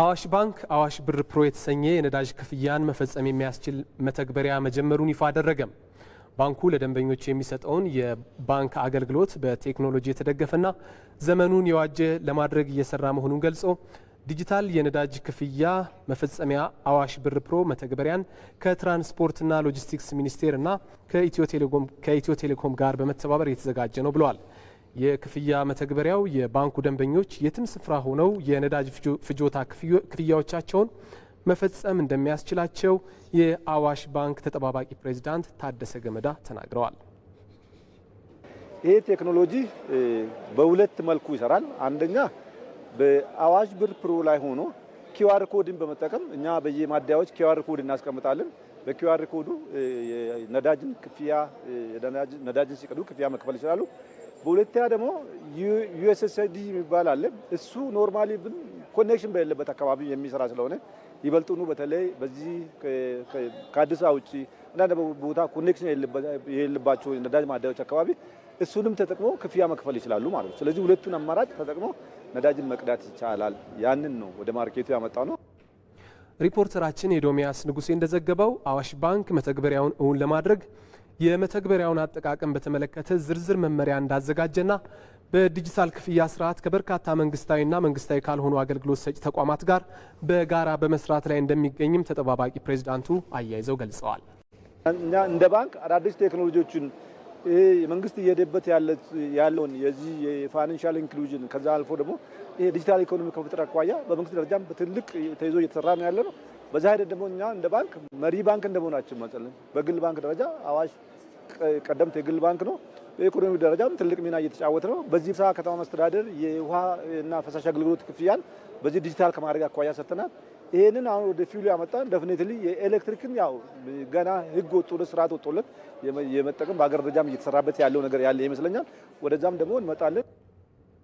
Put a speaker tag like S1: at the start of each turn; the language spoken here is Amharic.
S1: አዋሽ ባንክ አዋሽ ብር ፕሮ የተሰኘ የነዳጅ ክፍያን መፈጸም የሚያስችል መተግበሪያ መጀመሩን ይፋ አደረገም። ባንኩ ለደንበኞች የሚሰጠውን የባንክ አገልግሎት በቴክኖሎጂ የተደገፈና ዘመኑን የዋጀ ለማድረግ እየሰራ መሆኑን ገልጾ ዲጂታል የነዳጅ ክፍያ መፈጸሚያ አዋሽ ብር ፕሮ መተግበሪያን ከትራንስፖርትና ሎጂስቲክስ ሚኒስቴር እና ከኢትዮ ቴሌኮም ጋር በመተባበር የተዘጋጀ ነው ብለዋል። የክፍያ መተግበሪያው የባንኩ ደንበኞች የትም ስፍራ ሆነው የነዳጅ ፍጆታ ክፍያዎቻቸውን መፈጸም እንደሚያስችላቸው የአዋሽ ባንክ ተጠባባቂ ፕሬዚዳንት ታደሰ ገመዳ ተናግረዋል።
S2: ይህ ቴክኖሎጂ በሁለት መልኩ ይሰራል። አንደኛ በአዋሽ ብር ፕሮ ላይ ሆኖ ኪዋር ኮድን በመጠቀም እኛ በየማደያዎች ኪዋር ኮድ እናስቀምጣለን። በኪውአር ኮዱ ነዳጅን ክፍያ ነዳጅን ሲቀዱ ክፍያ መክፈል ይችላሉ። በሁለተኛ ደግሞ ዩኤስኤስዲ የሚባል አለ። እሱ ኖርማሊ ግን ኮኔክሽን በሌለበት አካባቢ የሚሰራ ስለሆነ ይበልጡኑ በተለይ በዚህ ከአዲስ አበባ ውጭ አንዳንድ ቦታ ኮኔክሽን የሌለባቸው ነዳጅ ማደያዎች አካባቢ እሱንም ተጠቅሞ ክፍያ መክፈል ይችላሉ ማለት ነው። ስለዚህ ሁለቱን አማራጭ ተጠቅሞ ነዳጅን መቅዳት ይቻላል። ያንን ነው ወደ ማርኬቱ ያመጣ ነው።
S1: ሪፖርተራችን የዶሚያስ ንጉሴ እንደዘገበው አዋሽ ባንክ መተግበሪያውን እውን ለማድረግ የመተግበሪያውን አጠቃቀም በተመለከተ ዝርዝር መመሪያ እንዳዘጋጀና በዲጂታል ክፍያ ስርዓት ከበርካታ መንግስታዊና መንግስታዊ ካልሆኑ አገልግሎት ሰጪ ተቋማት ጋር በጋራ በመስራት ላይ እንደሚገኝም ተጠባባቂ ፕሬዚዳንቱ አያይዘው ገልጸዋል።
S2: እንደ ባንክ አዳዲስ ቴክኖሎጂዎችን መንግስት እየሄደበት ያለውን የዚህ የፋይናንሻል ኢንክሉዥን ከዛ አልፎ ደግሞ ይሄ ዲጂታል ኢኮኖሚ ከመፍጠር አኳያ በመንግስት ደረጃም በትልቅ ተይዞ እየተሰራ ነው ያለ ነው። በዛ ሂደት ደግሞ እኛ እንደ ባንክ መሪ ባንክ እንደመሆናችን መጠን በግል ባንክ ደረጃ አዋሽ ቀደምት የግል ባንክ ነው። በኢኮኖሚ ደረጃም ትልቅ ሚና እየተጫወተ ነው። በዚህ ከተማ መስተዳደር የውሃ እና ፈሳሽ አገልግሎት ክፍያን በዚህ ዲጂታል ከማድረግ አኳያ ሰጥተናል። ይህንን አሁን ወደ ፊሉ ያመጣን ደፍኔትሊ የኤሌክትሪክን ያው ገና ህግ ወደ ስርዓት ወጥቶለት የመጠቀም በሀገር ደረጃም እየተሰራበት ያለው ነገር ያለ ይመስለኛል። ወደዛም ደግሞ እንመጣለን።